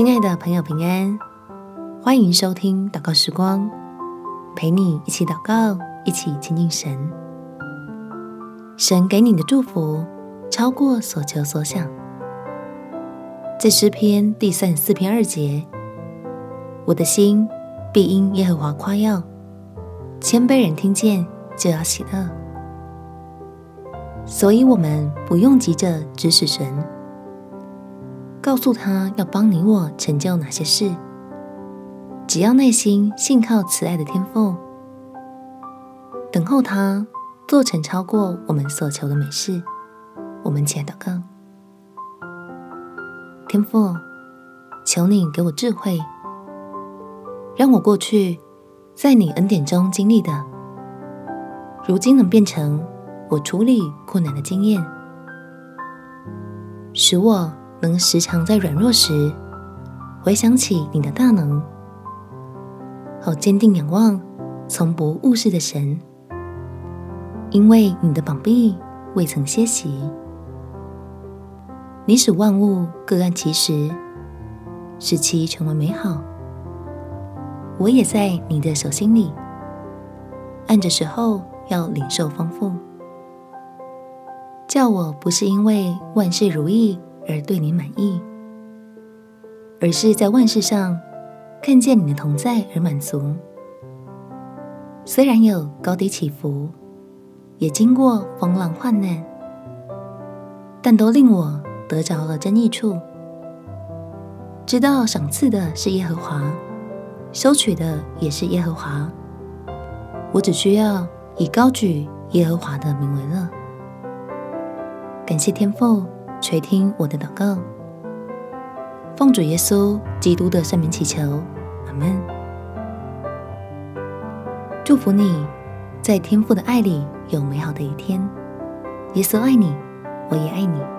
親愛的朋友，平安！歡迎收聽禱告時光，陪你一起禱告，一起親近神。神給你的祝福超過所求所想，在詩篇第三十四篇二節：“我的心必因耶和華誇耀，謙卑人聽見就要喜樂。”所以，我們不用急着指使神。告訴他要幫你我成就哪些事，只要耐心，信靠慈愛的天父，等候他做成超過我們所求的美事。我們起來禱告，天父，求你給我智慧，讓我過去在你恩典中經歷的，如今能變成我處理困難的經驗，使我。能時常在軟弱時，回想起你的大能，好堅定仰望從不誤事的神。因為你的膀臂未曾歇息，你使萬物各按其時，使其成為美好。我也在你的手心裡，按着時候要領受豐富。叫我不是因為萬事如意。而對你滿意，而是在萬事上看見你的同在而滿足。雖然有高低起伏，也經過風浪患難，但都令我得着了真益處。知道賞賜的是耶和華，收取的也是耶和華。我只需要以高舉耶和華的名為樂，感謝天父，垂聽我的禱告，奉主耶穌基督的聖名祈求，阿門。祝福你，在天父的愛裡有美好的一天。耶穌愛你，我也愛你。